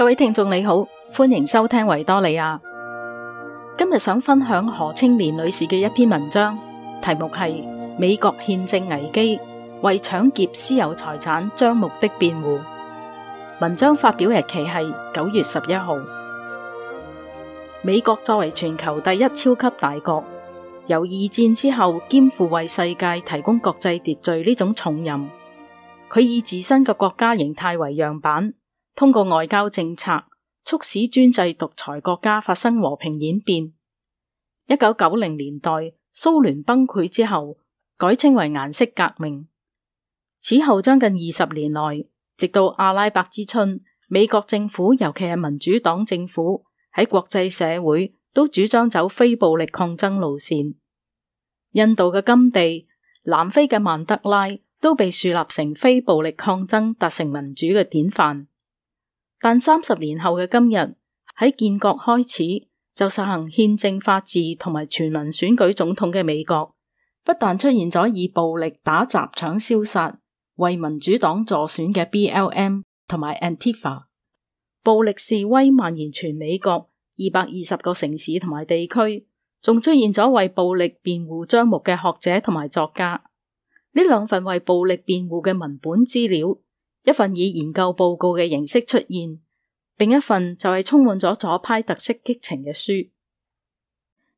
各位聽眾你好，歡迎收聽維多利亞。今日想分享何清漣女士嘅一篇文章，題目係《美國憲政危機：為搶劫私有財產張目的辯護》。文章發表日期係九月十一號。美國作為全球第一超級大國，由二戰之後肩負為世界提供國際秩序呢種重任，佢以自身嘅國家形態為樣板。通過外交政策，促使專制獨裁國家發生和平演變。一九九零年代，蘇聯崩潰之後，改稱為顏色革命。此後將近二十年內，直到阿拉伯之春，美國政府尤其係民主黨政府喺國際社會都主張走非暴力抗爭路綫。印度嘅甘地、南非嘅曼德拉都被樹立成非暴力抗爭達成民主嘅典範。但三十年後嘅今日，喺建國開始就實行憲政法治同埋全民選舉總統嘅美國，不但出現咗以暴力打砸搶燒殺為民主黨助選嘅 B L M 同埋 Antifa，暴力示威蔓延全美國二百二十個城市同埋地區，仲出現咗為暴力辯護張目嘅學者同埋作家。呢兩份為暴力辯護嘅文本資料。一份以研究報告嘅形式出現，另一份就係充滿咗左派特色激情嘅書。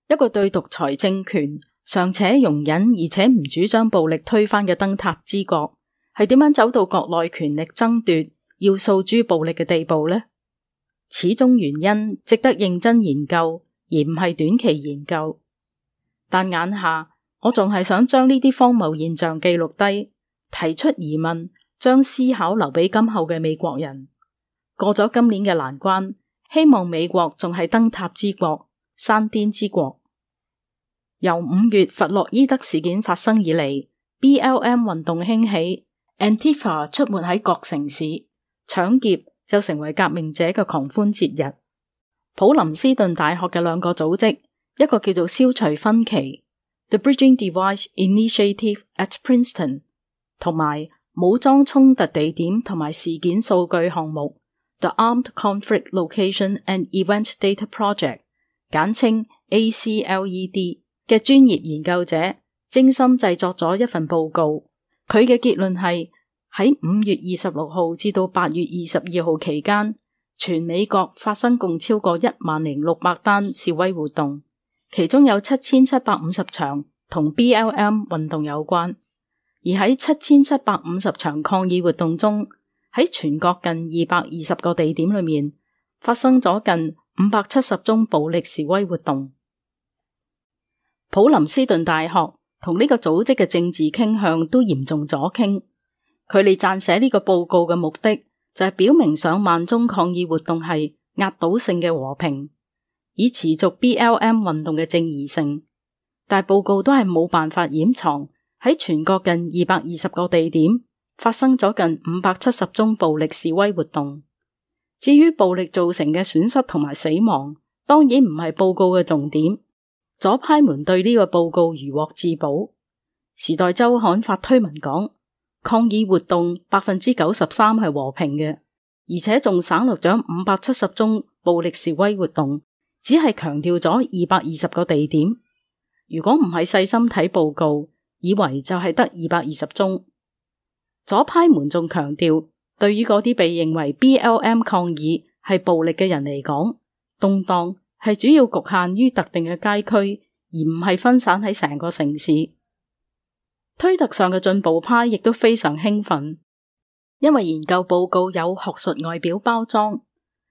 一個對獨裁政權尚且容忍，而且唔主張暴力推翻嘅燈塔之國，係點樣走到國內權力爭奪要訴諸暴力嘅地步呢？此中原因值得認真研究，而唔係短期研究。但眼下我仲係想將呢啲荒謬現象記錄低，提出疑問。將思考留俾今後嘅美國人。過咗今年嘅難關，希望美國仲係燈塔之國、山巔之國。由五月弗洛伊德事件發生以嚟，B L M 運動興起，Antifa 出沒喺各城市，搶劫就成為革命者嘅狂歡節日。普林斯頓大學嘅兩個組織，一個叫做消除分歧，The Bridging Divide Initiative at Princeton，同埋。武裝衝突地點同埋事件數據項目 The Armed Conflict Location and Event Data Project，簡稱 ACLED 嘅專業研究者，精心製作咗一份報告。佢嘅結論係喺五月二十六號至到八月二十二號期間，全美國發生共超過一萬零六百單示威活動，其中有七千七百五十場同 BLM 運動有關。而喺七千七百五十場抗議活動中，喺全國近二百二十個地點裏面，發生咗近五百七十宗暴力示威活動。普林斯頓大學同呢個組織嘅政治傾向都嚴重左傾，佢哋撰寫呢個報告嘅目的就係表明上萬宗抗議活動係壓倒性嘅和平，以持續 BLM 運動嘅正義性。但係報告都係冇辦法掩藏。喺全國近二百二十個地點發生咗近五百七十宗暴力示威活動。至於暴力造成嘅損失同埋死亡，當然唔係報告嘅重點。左派們對呢個報告如獲至寶。時代周刊發推文講，抗議活動百分之九十三係和平嘅，而且仲省略咗五百七十宗暴力示威活動，只係強調咗二百二十個地點。如果唔係細心睇報告。以為就係得二百二十宗，左派門仲強調，對於嗰啲被認為 B L M 抗議係暴力嘅人嚟講，動盪係主要局限於特定嘅街區，而唔係分散喺成個城市。推特上嘅進步派亦都非常興奮，因為研究報告有學術外表包裝，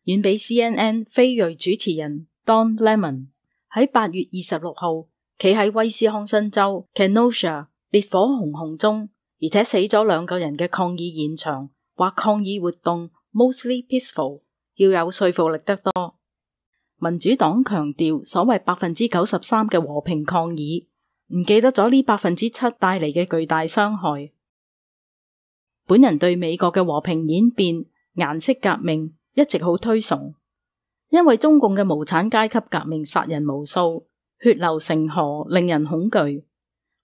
遠比 C N N 非裔主持人 Don Lemon 喺八月二十六號。企喺威斯康辛州 Kenosha 烈火熊熊中，而且死咗兩個人嘅抗議現場，或抗議活動 mostly peaceful，要有說服力得多。民主黨強調所謂百分之九十三嘅和平抗議，唔記得咗呢百分之七帶嚟嘅巨大傷害。本人對美國嘅和平演變、顏色革命一直好推崇，因為中共嘅無產階級革命殺人無數。血流成河，令人恐懼。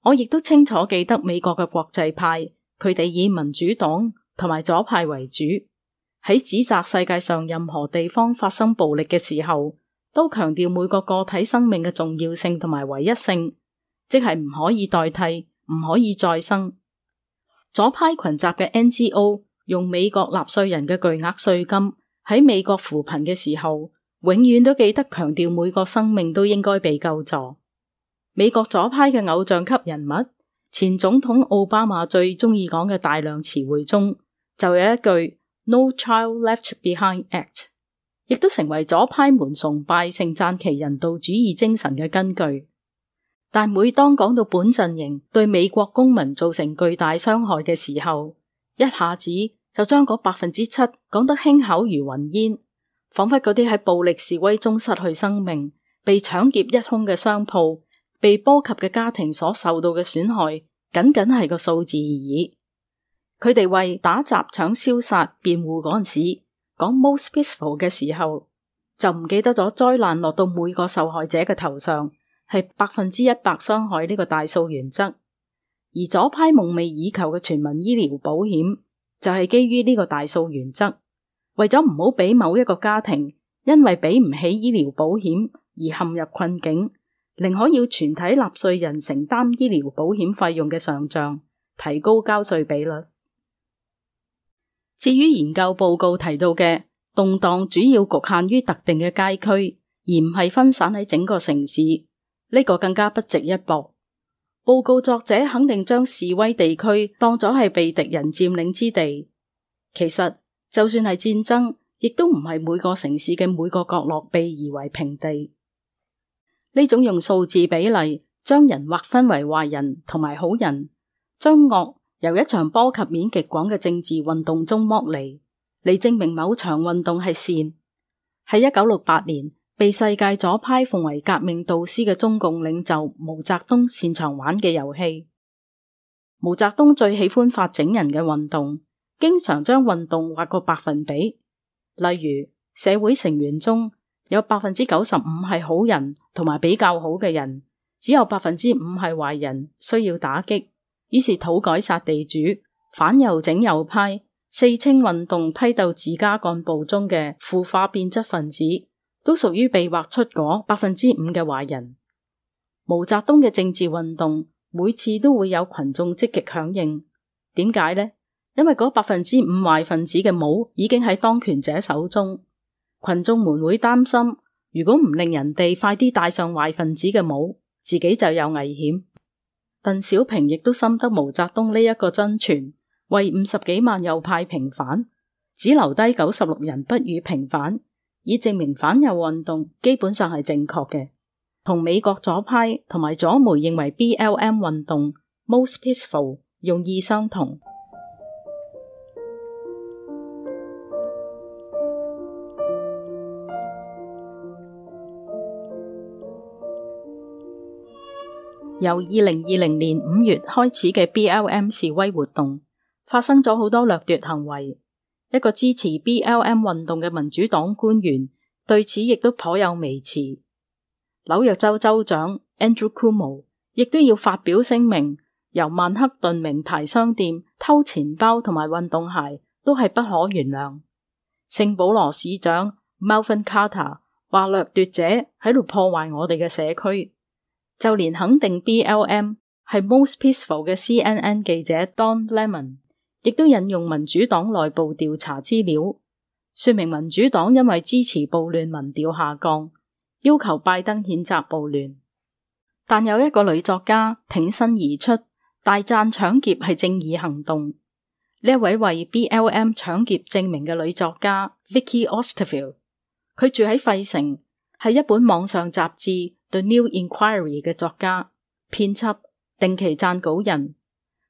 我亦都清楚記得美國嘅國際派，佢哋以民主黨同埋左派為主，喺指責世界上任何地方發生暴力嘅時候，都強調每個個體生命嘅重要性同埋唯一性，即係唔可以代替，唔可以再生。左派群集嘅 NGO 用美國納稅人嘅巨額稅金喺美國扶貧嘅時候，永遠都記得強調每個生命都應該被救助。美國左派嘅偶像級人物前總統奧巴馬最中意講嘅大量詞彙中，就有一句 “No Child Left Behind Act”，亦都成為左派們崇拜盛讚其人道主義精神嘅根據。但每當講到本陣營對美國公民造成巨大傷害嘅時候，一下子就將嗰百分之七講得輕巧如雲煙。仿佛嗰啲喺暴力示威中失去生命、被搶劫一空嘅商鋪、被波及嘅家庭所受到嘅損害，僅僅係個數字而已。佢哋為打砸搶燒殺辯護嗰陣時，講 most peaceful 嘅時候，就唔記得咗災難落到每個受害者嘅頭上係百分之一百傷害呢個大數原則。而左派夢寐以求嘅全民醫療保險，就係、是、基於呢個大數原則。為咗唔好俾某一個家庭因為俾唔起醫療保險而陷入困境，寧可要全體納稅人承擔醫療保險費用嘅上漲，提高交稅比率。至於研究報告提到嘅動盪主要局限於特定嘅街區，而唔係分散喺整個城市，呢個更加不值一駁。報告作者肯定將示威地區當咗係被敵人佔領之地，其實。就算係戰爭，亦都唔係每個城市嘅每個角落被夷為平地。呢種用數字比例將人劃分為壞人同埋好人，將惡由一場波及面極廣嘅政治運動中剝離，嚟證明某場運動係善，喺一九六八年被世界左派奉為革命導師嘅中共領袖毛澤東擅長玩嘅遊戲。毛澤東最喜歡發整人嘅運動。經常將運動劃個百分比，例如社會成員中有百分之九十五係好人同埋比較好嘅人，只有百分之五係壞人需要打擊。於是土改殺地主，反右整右派，四清運動批鬥自家幹部中嘅腐化變質分子，都屬於被劃出嗰百分之五嘅壞人。毛澤東嘅政治運動每次都會有群眾積極響應，點解呢？因為嗰百分之五壞分子嘅帽已經喺當權者手中，群眾們會擔心，如果唔令人哋快啲戴上壞分子嘅帽，自己就有危險。鄧小平亦都深得毛澤東呢一個真傳，為五十幾萬右派平反，只留低九十六人不予平反，以證明反右運動基本上係正確嘅。同美國左派同埋左媒認為 BLM 運動 most peaceful，用意相同。由二零二零年五月開始嘅 B L M 示威活動，發生咗好多掠奪行為。一個支持 B L M 運動嘅民主黨官員對此亦都頗有微詞。紐約州州長 Andrew Cuomo 亦都要發表聲明，由曼克頓名牌商店偷錢包同埋運動鞋都係不可原諒。聖保羅市長 Melvin Carter 話掠奪者喺度破壞我哋嘅社區。就連肯定 B.L.M 係 most peaceful 嘅 C.N.N 記者 Don Lemon，亦都引用民主黨內部調查資料，說明民主黨因為支持暴亂民調下降，要求拜登譴責暴亂。但有一個女作家挺身而出，大讚搶劫係正義行動。呢位為 B.L.M 搶劫證明嘅女作家 Vicky Osterfield，佢住喺費城，係一本網上雜誌。對 New Inquiry 嘅作家、編輯、定期撰稿人，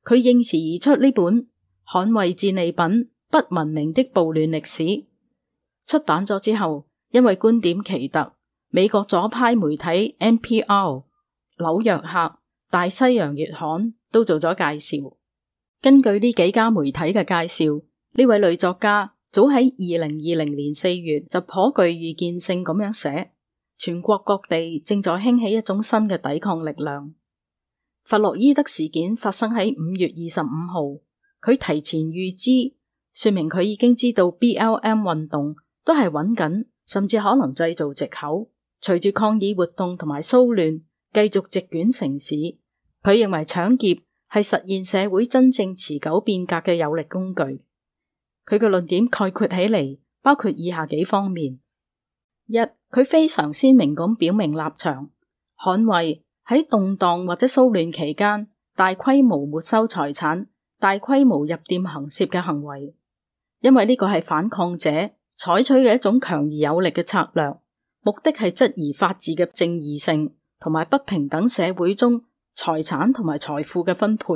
佢應時而出呢本捍衛戰利品、不文明的暴亂歷史出版咗之後，因為觀點奇特，美國左派媒體 NPR、紐約客、大西洋月刊都做咗介紹。根據呢幾家媒體嘅介紹，呢位女作家早喺二零二零年四月就頗具預見性咁樣寫。全國各地正在興起一種新嘅抵抗力量。弗洛伊德事件發生喺五月二十五號，佢提前預知，說明佢已經知道 BLM 運動都係揾緊，甚至可能製造藉口，隨住抗議活動同埋騷亂繼續席捲城市。佢認為搶劫係實現社會真正持久變革嘅有力工具。佢嘅論點概括起嚟包括以下幾方面：一。佢非常鮮明咁表明立場，捍衛喺動盪或者騷亂期間大規模沒收財產、大規模入店行竊嘅行為，因為呢個係反抗者採取嘅一種強而有力嘅策略，目的係質疑法治嘅正義性同埋不平等社會中財產同埋財富嘅分配。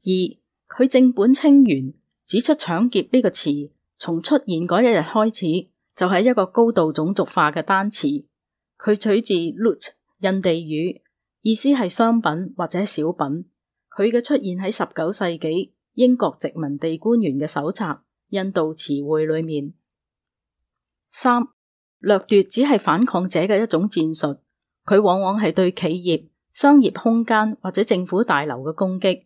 二，佢正本清源，指出搶劫呢個詞從出現嗰一日開始，就係一個高度種族化嘅單詞，佢取自 l u t t 印地語，意思係商品或者小品。佢嘅出現喺十九世紀英國殖民地官員嘅手冊《印度詞彙》裏面。三、掠奪只係反抗者嘅一種戰術，佢往往係對企業、商業空間或者政府大樓嘅攻擊，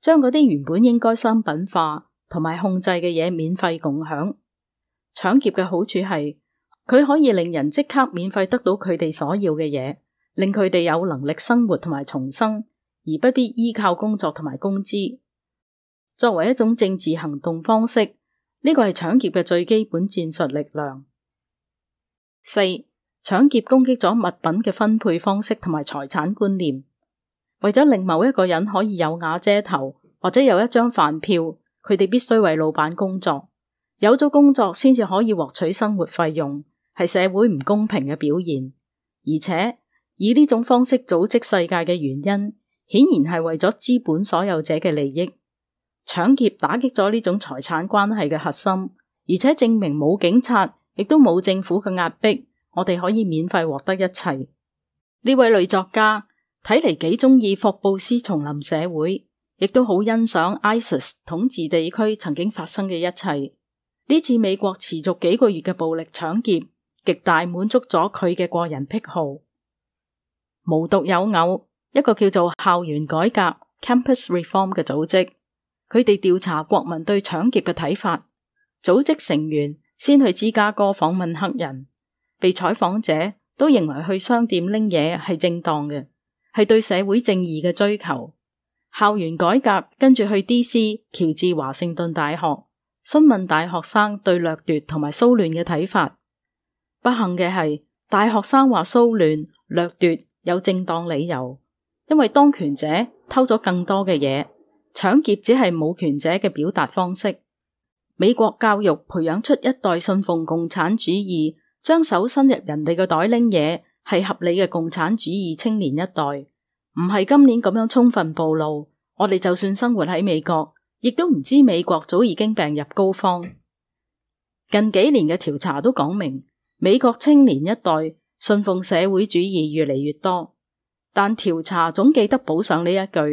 將嗰啲原本應該商品化同埋控制嘅嘢免費共享。搶劫嘅好處係，佢可以令人即刻免費得到佢哋所要嘅嘢，令佢哋有能力生活同埋重生，而不必依靠工作同埋工資。作為一種政治行動方式，呢個係搶劫嘅最基本戰術力量。四、搶劫攻擊咗物品嘅分配方式同埋財產觀念，為咗令某一個人可以有瓦遮頭或者有一張飯票，佢哋必須為老闆工作。有咗工作，先至可以獲取生活費用，係社會唔公平嘅表現。而且以呢種方式組織世界嘅原因，顯然係為咗資本所有者嘅利益。搶劫打擊咗呢種財產關係嘅核心，而且證明冇警察亦都冇政府嘅壓迫，我哋可以免費獲得一切。呢位女作家睇嚟幾中意霍布斯叢林社會，亦都好欣賞 ISIS 統治地區曾經發生嘅一切。呢次美國持續幾個月嘅暴力搶劫，極大滿足咗佢嘅個人癖好。無獨有偶，一個叫做校園改革 （Campus Reform） 嘅組織，佢哋調查國民對搶劫嘅睇法。組織成員先去芝加哥訪問黑人，被採訪者都認為去商店拎嘢係正當嘅，係對社會正義嘅追求。校園改革跟住去 D.C. 喬治華盛頓大學。詢問大學生對掠奪同埋騷亂嘅睇法，不幸嘅係大學生話騷亂、掠奪有正當理由，因為當權者偷咗更多嘅嘢，搶劫只係冇權者嘅表達方式。美國教育培養出一代信奉共產主義，將手伸入人哋嘅袋拎嘢係合理嘅共產主義青年一代，唔係今年咁樣充分暴露，我哋就算生活喺美國。亦都唔知美國早已經病入膏肓，近幾年嘅調查都講明美國青年一代信奉社會主義越嚟越多，但調查總記得補上呢一句：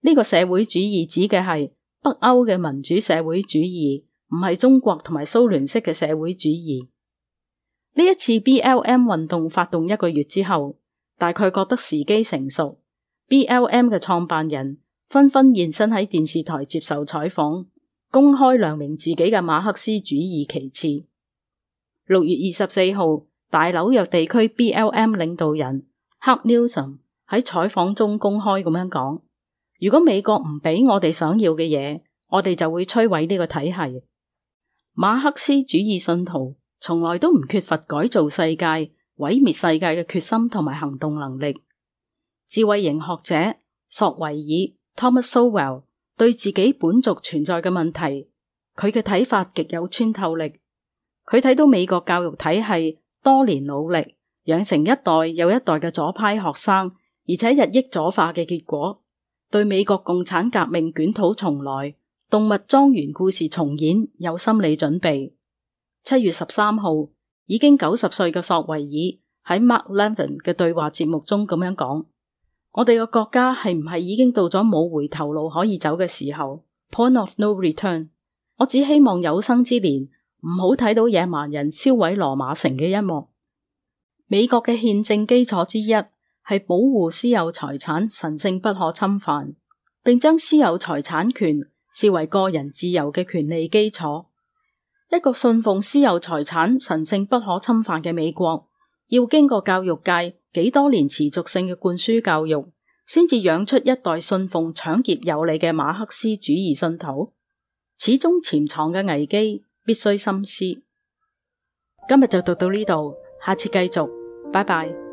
呢個社會主義指嘅係北歐嘅民主社會主義，唔係中國同埋蘇聯式嘅社會主義。呢一次 BLM 運動發動一個月之後，大概覺得時機成熟，BLM 嘅創辦人。紛紛現身喺電視台接受採訪，公開亮明自己嘅馬克思主義。其次，六月二十四號，大紐約地區 BLM 領導人克紐森喺採訪中公開咁樣講：如果美國唔俾我哋想要嘅嘢，我哋就會摧毀呢個體系。馬克思主義信徒從來都唔缺乏改造世界、毀滅世界嘅決心同埋行動能力。智慧型學者索維爾。Thomas Sowell 對自己本族存在嘅問題，佢嘅睇法極有穿透力。佢睇到美國教育體系多年努力養成一代又一代嘅左派學生，而且日益左化嘅結果，對美國共產革命捲土重來、動物莊園故事重演有心理準備。七月十三號，已經九十歲嘅索維爾喺 Mark Latham 嘅對話節目中咁樣講。我哋嘅國家係唔係已經到咗冇回頭路可以走嘅時候？Point of no return。我只希望有生之年唔好睇到野蠻人燒毀羅馬城嘅一幕。美國嘅憲政基礎之一係保護私有財產神聖不可侵犯，並將私有財產權視為個人自由嘅權利基礎。一個信奉私有財產神聖不可侵犯嘅美國，要經過教育界。幾多年持續性嘅灌輸教育，先至養出一代信奉搶劫有理嘅馬克思主義信徒。始終潛藏嘅危機，必須深思。今日就讀到呢度，下次繼續，拜拜。